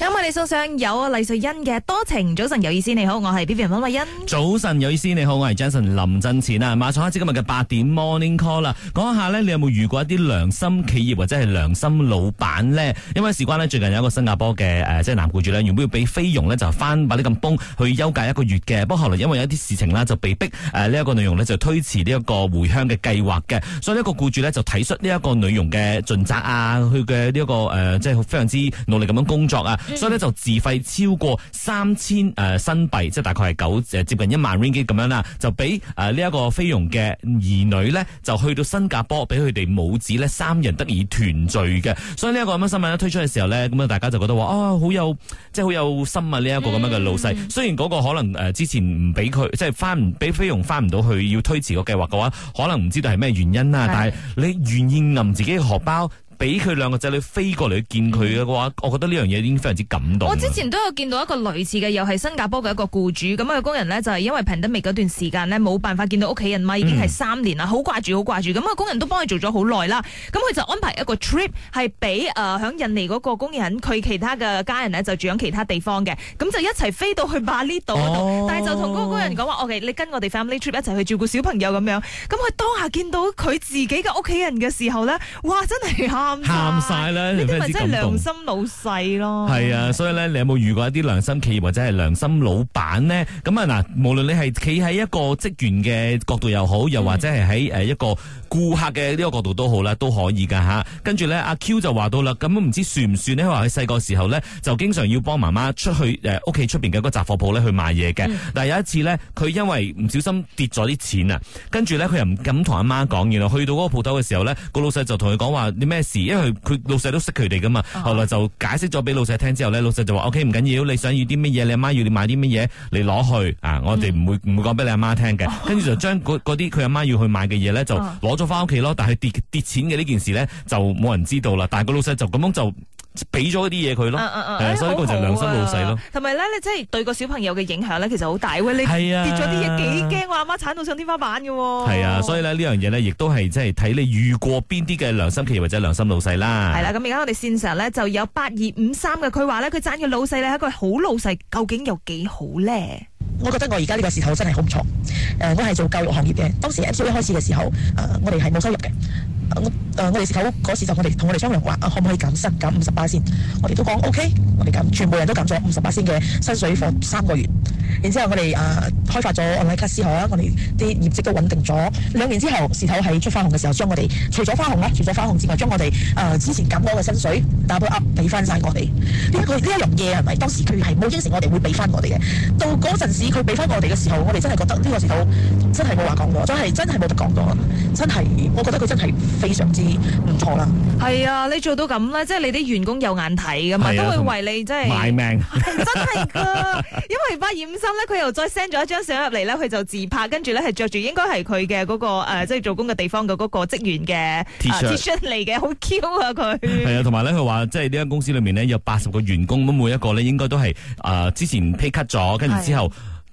今日我哋送上有啊黎瑞恩嘅多情。早晨有意思你好，我係 B B M 溫慧欣。早晨有意思你好，我係 Jason 林振前啊！馬上開始今日嘅八點 Morning Call 啦，講下呢，你有冇遇過一啲良心企業或者係良心老闆呢？因為事關呢，最近有一個新加坡嘅誒、呃，即係男僱主呢，原本要俾菲傭呢，就翻把啲咁崩去休假一個月嘅，不過後來因為有一啲事情啦，就被逼誒呢一個女傭呢，就推遲呢一個回鄉嘅計劃嘅，所以呢一個僱主呢，就睇出呢一個女傭嘅盡責啊，佢嘅呢一個誒即係非常之努力咁樣工作啊。所以咧就自費超過三千誒新幣，即係大概係九誒接近一萬 ringgit 咁樣啦，就俾誒呢一個菲傭嘅兒女咧就去到新加坡，俾佢哋母子咧三人得以團聚嘅。所以呢一個咁樣新聞咧推出嘅時候咧，咁啊大家就覺得話啊、哦、好有即係好有心啊呢一、這個咁樣嘅老細。嗯、雖然嗰個可能誒之前唔俾佢即係翻唔俾菲傭翻唔到去，要推遲個計劃嘅話，可能唔知道係咩原因啦、啊。是但係你願意揞自己嘅荷包。俾佢兩個仔女飛過嚟去見佢嘅話，我覺得呢樣嘢已經非常之感動。我之前都有見到一個類似嘅，又係新加坡嘅一個雇主咁啊，那個、工人呢，就係、是、因為 pandemic 嗰段時間呢，冇辦法見到屋企人嘛，已經係三年啦，好掛住，好掛住。咁啊，工人都幫佢做咗好耐啦。咁佢就安排一個 trip 係俾誒響印尼嗰個工人佢其他嘅家人呢，就住響其他地方嘅，咁就一齊飛到去巴厘島嗰度，哦、但係就同嗰個工人講話，我哋、哦 okay, 你跟我哋 family trip 一齊去照顧小朋友咁樣。咁佢當下見到佢自己嘅屋企人嘅時候呢，哇！真係喊晒啦，你咪真係良心老細咯？係啊，所以咧，你有冇遇過一啲良心企業或者係良心老闆呢？咁啊嗱，無論你係企喺一個職員嘅角度又好，又或者係喺誒一個顧客嘅呢個角度都好啦，都可以㗎嚇、啊。跟住呢，阿 Q 就話到啦，咁唔知算唔算咧？話佢細個時候呢，就經常要幫媽媽出去誒屋企出邊嘅一個雜貨鋪咧去買嘢嘅。嗯、但係有一次呢，佢因為唔小心跌咗啲錢啊，跟住呢，佢又唔敢同阿媽講。然後去到嗰個鋪頭嘅時候呢，個老細就同佢講話你咩事。因為佢老細都識佢哋噶嘛，oh. 後來就解釋咗俾老細聽之後咧，老細就話，OK，唔緊要，你想要啲乜嘢，你阿媽要你買啲乜嘢，你攞去啊！我哋唔會唔、mm. 會講俾你阿媽聽嘅。跟住、oh. 就將嗰啲佢阿媽要去買嘅嘢咧，就攞咗翻屋企咯。但係跌跌錢嘅呢件事咧，就冇人知道啦。但係個老細就咁樣就。俾咗啲嘢佢咯 uh, uh, uh,、呃，所以呢個就係良心老細咯。同埋咧，你真係對個小朋友嘅影響咧，其實好大。喂，你跌咗啲嘢，幾驚！我阿媽鏟到上天花板嘅。係啊，所以咧呢樣嘢咧，亦都係即係睇你遇過邊啲嘅良心企業或者良心老細啦。係啦、嗯，咁而家我哋線上咧就有八二五三嘅，佢話咧佢賺嘅老細咧係一個好老細，究竟有幾好咧？我覺得我而家呢個時候真係好唔錯。誒、呃，我係做教育行業嘅，當時一初一開始嘅時候，呃、我哋係冇收入嘅。我、呃、我哋事頭嗰時就我哋同我哋商量話啊，可唔可以減薪減五十巴仙？我哋都講 O K，我哋減全部人都減咗五十巴仙嘅薪水，for 三個月。然之後我哋誒、呃、開發咗 Online Cash 之後咧，我哋啲業績都穩定咗兩年之後，事頭喺出花紅嘅時候，將我哋除咗花紅咧，除咗花紅之外，將我哋誒、呃、之前減咗嘅薪水打包 up 俾翻曬我哋。呢、這個呢一樣嘢係咪當時佢係冇應承我哋會俾翻我哋嘅？到嗰陣時佢俾翻我哋嘅時候，我哋真係覺得呢個事頭真係冇話講咗，真係真係冇得講咗，真係我覺得佢真係。真非常之唔錯啦，係啊！你做到咁咧，即係你啲員工有眼睇噶嘛，啊、都會為你即係賣命，真係噶！因為巴染生咧，佢又再 send 咗一張相入嚟咧，佢就自拍，跟住咧係着住應該係佢嘅嗰個、呃、即係做工嘅地方嘅嗰個職員嘅 T-shirt 嚟嘅，好 Q 啊佢。係、呃、啊，同埋咧佢話，啊、即係呢間公司裏面呢，有八十個員工咁，每一個咧應該都係誒、呃、之前 pay cut 咗，跟住之後。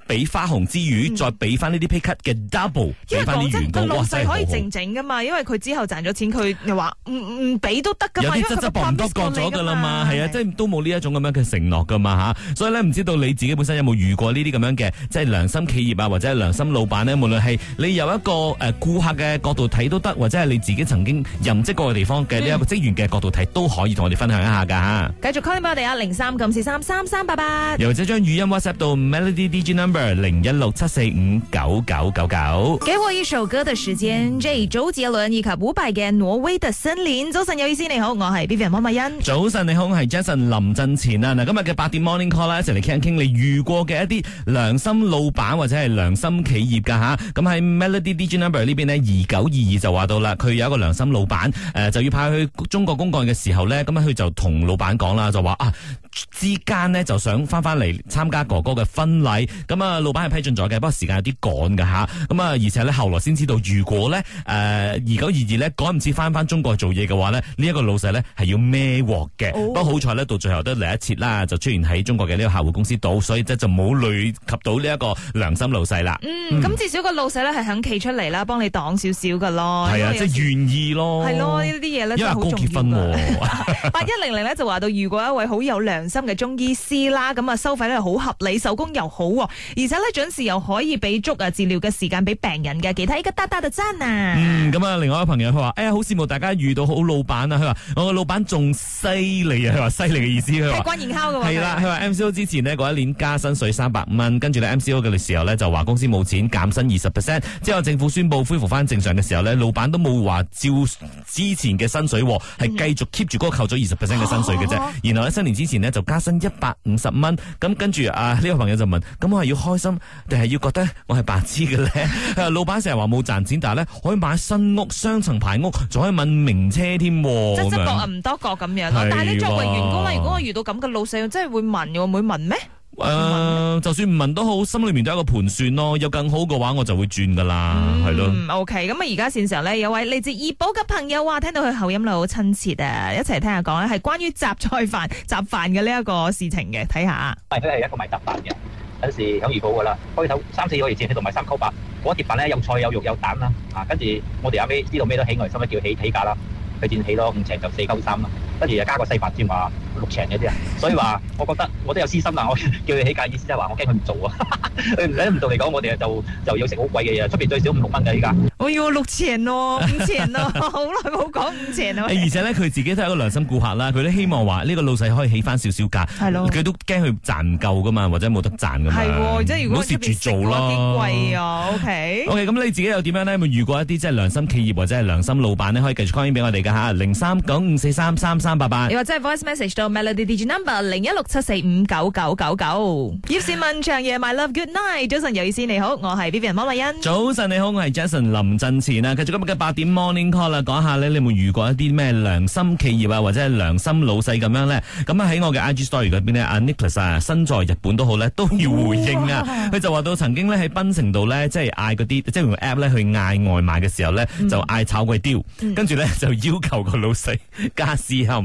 俾花紅之餘，再俾翻呢啲 pay cut 嘅 double，俾翻啲員工，哇真係可以靜靜噶嘛！因為佢之後賺咗錢，佢又話唔唔俾都得噶嘛！啲質質薄唔得，割咗噶啦嘛，係啊，即係都冇呢一種咁樣嘅承諾噶嘛嚇，所以咧唔知道你自己本身有冇遇過呢啲咁樣嘅即係良心企業啊，或者係良心老闆咧，無論係你由一個誒顧客嘅角度睇都得，或者係你自己曾經任職過嘅地方嘅呢一個職員嘅角度睇，都可以同我哋分享一下噶嚇。繼續 call 翻俾我哋啊，零三九四三三三八八，又或者將語音 WhatsApp 到 Melody DJ Number。零一六七四五九九九九，給我一首歌的時間。J 周杰倫以及伍佰嘅《挪威的森林》。早晨，有意思，你好，我係 Vivian 魔默欣。早晨你好，我係 Jason 林振前啊！嗱，今日嘅八點 Morning Call 啦，一齊嚟傾一傾你遇過嘅一啲良心老闆或者係良心企業噶吓。咁喺 Melody DJ Number 呢邊呢，二九二二就話到啦，佢有一個良心老闆，誒，就要派去中國公幹嘅時候呢，咁樣佢就同老闆講啦，就話啊，之間呢，就想翻翻嚟參加哥哥嘅婚禮，咁、嗯、啊老闆係批准咗嘅，不過時間有啲趕噶吓，咁啊而且呢，後來先知道，如果呢，誒二九二二呢趕唔切翻翻中國做嘢嘅話、這個、呢，呢一個老細呢係要孭鑊嘅，哦、不過好彩呢，到最後都嚟一次啦，就出現喺中國嘅呢個客戶公司度，所以即係就冇累及到呢一個良心老細啦。嗯，咁、嗯、至少個老細呢係肯企出嚟啦，幫你擋少少噶咯。係啊，即係願意咯。係咯呢啲嘢呢，因為好重要啊。八一零零呢就話到，如果一位好有良心。 心嘅中醫師啦，咁啊收費咧好合理，手工又好，而且咧準時又可以俾足啊治療嘅時間俾病人嘅。其他依家得得就真啊！嗯，咁啊，另外一有朋友佢話：，哎呀，好羨慕大家遇到好老闆啊！佢話我嘅老闆仲犀利啊！佢話犀利嘅意思，佢話係軍銜敲嘅。係啦，佢話 MCO 之前呢，嗰一年加薪水三百五蚊，跟住咧 MCO 嘅時候呢，就話公司冇錢減薪二十 percent，之後政府宣布恢復翻正常嘅時候呢，老闆都冇話照之前嘅薪水，係繼續 keep 住嗰個扣咗二十 percent 嘅薪水嘅啫。然後喺新年之前呢。」就加薪一百五十蚊，咁跟住啊呢、這個朋友就問：咁我係要開心定係要覺得我係白痴嘅咧？ 老闆成日話冇賺錢，但係咧可以買新屋、雙層排屋，仲可以問名車添。即係覺吖唔多覺咁樣咯。但係你作為員工啦，如果我遇到咁嘅老細，我真係會問，我唔會問咩？誒，呃、聞就算唔問都好，心裏面都係一個盤算咯。有更好嘅話，我就會轉噶啦，係咯、嗯。O K，咁啊，而家、okay, 線上咧，有位嚟自怡保嘅朋友話，聽到佢口音咧好親切啊，一齊聽下講咧，係關於雜菜飯、雜飯嘅呢一個事情嘅，睇下。係佢係一個賣雜飯嘅，有時響怡保噶啦。開頭三四個月前，喺度賣三溝八個，嗰碟飯咧有菜有肉有蛋啦。啊，跟住我哋阿媽知道咩都起，外，哋先咪叫起起價啦。佢先起咯，五尺就四溝三啦。不如又加個四百添啊，六成嗰啲啊，所以話我覺得我都有私心啦，我叫佢起價，意思即係話我驚佢唔做啊，佢唔使唔做嚟講，我哋就就要食好貴嘅嘢，出面最少五六蚊嘅。而家我要六成咯，五成咯，好耐冇講五成咯。而且咧，佢自己都係一個良心顧客啦，佢都希望話呢個老細可以起翻少少價。係咯，佢都驚佢賺唔夠噶嘛，或者冇得賺噶嘛。係即係如果唔好蝕住做咯。OK OK，咁你自己又點樣咧？有冇遇過一啲即係良心企業或者係良心老闆咧，可以繼續 call 俾我哋嘅嚇？零三九五四三三。三八八，你或者係 voice message 到 melody D G number 零一六七四五九九九九。葉倩文長夜 My Love Good Night，早晨有意思你好，我係 Vivian 莫麗欣。早晨你好，我係 Jason 林振前啊。繼續今日嘅八點 morning call 啦，講下咧，你有冇遇過一啲咩良心企業啊，或者係良心老細咁樣咧？咁啊喺我嘅 IG story 嗰邊咧，Nicholas 身在日本都好咧，都要回應啊。佢就話到曾經咧喺檳城度咧，即係嗌嗰啲即係用 app 咧去嗌外賣嘅時候咧，就嗌炒粿條，跟住咧就要求個老細加私客。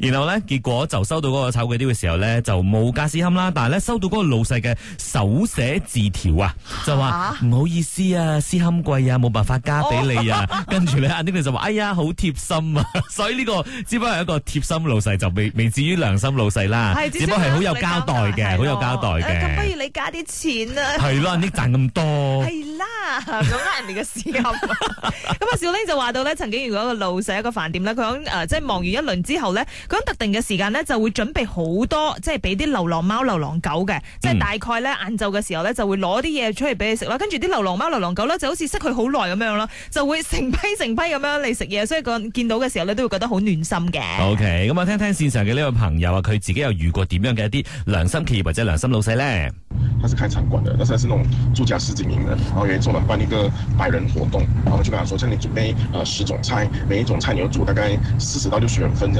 然後咧，結果就收到嗰個炒鬼啲嘅時候咧，就冇加私堪啦。但係咧，收到嗰個老細嘅手寫字條啊，就話唔好意思啊，私堪貴啊，冇辦法加俾你啊。跟住咧，阿丁女就話：哎呀，好貼心啊！所以呢個只不過係一個貼心老細，就未未至於良心老細啦。嗯、只,只不過係好有交代嘅，好有交代嘅。咁、啊、不如你加啲錢啊？係咯、啊，你賺咁多。係啦，咁呃人哋嘅私堪。咁啊，小玲就話到咧，曾經如果個老細一個飯店咧，佢講誒，即係忙完一輪。呃呃呃 之後呢，咁特定嘅時間呢，就會準備好多，即係俾啲流浪貓、流浪狗嘅，即係大概呢，晏晝嘅時候呢，就會攞啲嘢出嚟俾你食啦。跟住啲流浪貓、流浪狗呢，就好似識佢好耐咁樣樣咯，就會成批成批咁樣嚟食嘢，所以佢見到嘅時候呢，都會覺得好暖心嘅。O K，咁啊，聽聽線上嘅呢位朋友啊，佢自己又遇過點樣嘅一啲良心企業或者良心老細呢？佢係開餐館嘅，但係係那種住家私經名的，然、哦、後因為做了辦一個百人活動，然、哦、後就跟他說叫你準備、呃、十種菜，每一種菜你要煮大概四十到六十人份，分。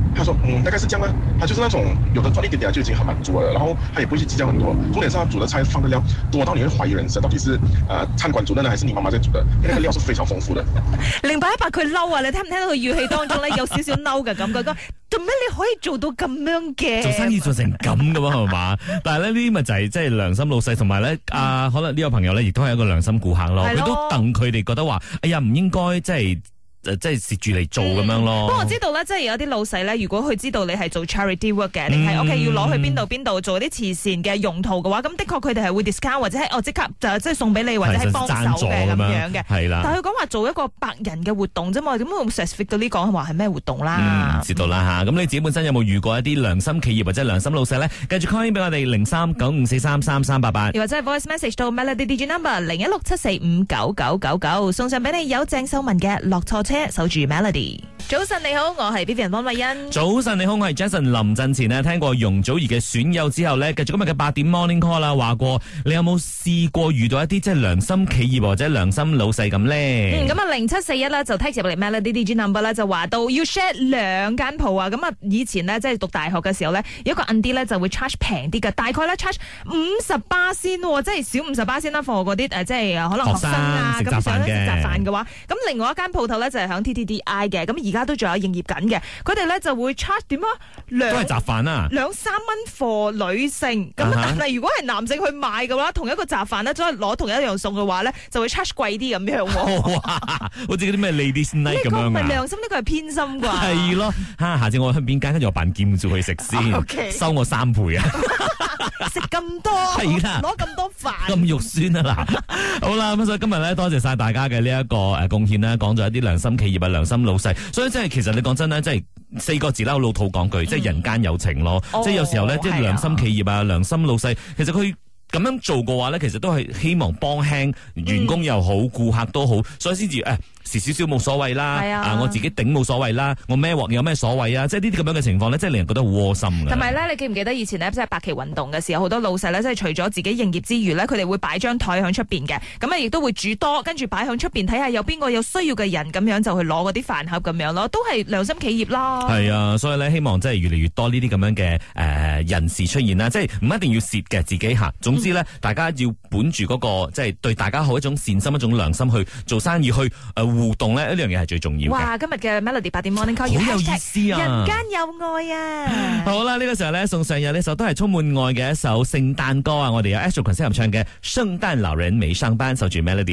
他說：嗯，大概是咁啊。他就是那種，有的賺一點點就已經很滿足了，然後他也不會計較很多。重點是他煮的菜放的料多到你會懷疑人生，到底是，呃，餐館煮的呢，還是你媽媽在煮的？因為那個料是非常豐富的。零八 一八佢嬲啊！你聽唔聽到佢語氣當中咧有少少嬲嘅感覺？講，做咩你可以做到咁樣嘅？ 做生意做成咁嘅喎，係嘛？ 但係咧呢啲咪就係即係良心老細，同埋咧啊，可能呢個朋友咧亦都係一個良心顧客咯。佢的都戥佢哋覺得話，哎呀，唔應該即係。誒，即係蝕住嚟做咁樣咯。不過、嗯、我知道啦，即係有啲老細咧，如果佢知道你係做 charity work 嘅，嗯、你喺屋企要攞去邊度邊度做啲慈善嘅用途嘅話，咁的確佢哋係會 discount 或者係哦即刻就、呃、即係送俾你，或者係幫手嘅咁樣嘅。的但佢講話做一個白人嘅活動啫嘛，點解用 specific 嗰啲講話係咩活動啦？知道啦吓，咁、嗯啊、你自己本身有冇遇過一啲良心企業或者良心老細咧？跟住 call 翻俾我哋零三九五四三三三八八，或者係 voice message 到 Melody Digi Number 零一六七四五九九九九，9，送上俾你有鄭秀文嘅落錯，錯。守住 Melody。早晨你好，我係 Vivian 方慧欣。早晨你好，我係 Jason 林振前咧。聽過容祖兒嘅選友之後咧，繼續今日嘅八點 Morning Call 啦。話過你有冇試過遇到一啲即係良心企業或者良心老細咁咧？咁啊、嗯，零七四一咧就 text 嚟 Melody DJ number 咧就話到要 share 兩間鋪啊。咁啊，以前呢，即係讀大學嘅時候呢，有一個 under 就會 charge 平啲噶，大概咧 charge 五十八先，即係少五十八先啦。貨嗰啲即係可能學生啊咁想食雜飯嘅話，咁另外一間鋪頭係響 TTDI 嘅，咁而家都仲有營業緊嘅。佢哋咧就會 charge 點啊，兩、兩三蚊貨女性咁。但係、uh huh. 如果係男性去買嘅話，同一個雜飯咧，再攞同一樣餸嘅話咧，就會 charge 貴啲咁樣、哦。哇 好似嗰啲咩 lady night 咁樣係良心，呢佢係偏心啩、啊。係 咯，下次我去邊間，跟住我辦兼職去食先， Okay. 收我三倍啊。 食咁 多，攞咁的多飯，咁肉酸啊！嗱， 好啦，咁所以今日咧，多謝晒大家嘅呢一個誒貢獻啦，講咗一啲良心企業啊，良心老細，所以即係其實你講真咧，即係四個字啦，老土講句，嗯、即係人間有情咯，哦、即係有時候咧，即係、啊、良心企業啊，良心老細，其實佢咁樣做嘅話咧，其實都係希望幫輕員工又好，顧、嗯、客都好，所以先至誒。哎少少冇所謂啦，係啊，啊我自己頂冇所謂啦，我咩鑊有咩所謂啊？即係呢啲咁樣嘅情況呢，即係令人覺得好窩心嘅。同埋呢，你記唔記得以前呢？即係白旗運動嘅時候，好多老細呢，即係除咗自己營業之餘呢，佢哋會擺張台喺出邊嘅，咁啊亦都會煮多，跟住擺喺出邊睇下有邊個有需要嘅人，咁樣就去攞嗰啲飯盒咁樣咯，都係良心企業咯。係啊，所以呢，希望即係越嚟越多呢啲咁樣嘅誒人士出現啦，即係唔一定要蝕嘅自己吓。總之呢，嗯、大家要本住嗰、嗰個即係、即係、對大家好一種善心一種良心去做生意去誒。呃互動咧，呢樣嘢係最重要嘅。哇，今日嘅 Melody 八點 morning call 好 有意思啊！ 人間有愛啊！ 好啦，呢、呢個時候咧，送上嘅呢首都係充滿愛嘅一首聖誕歌啊！我哋有 Astrid Queen 先唱嘅《聖誕老人未上班》，守住 Melody。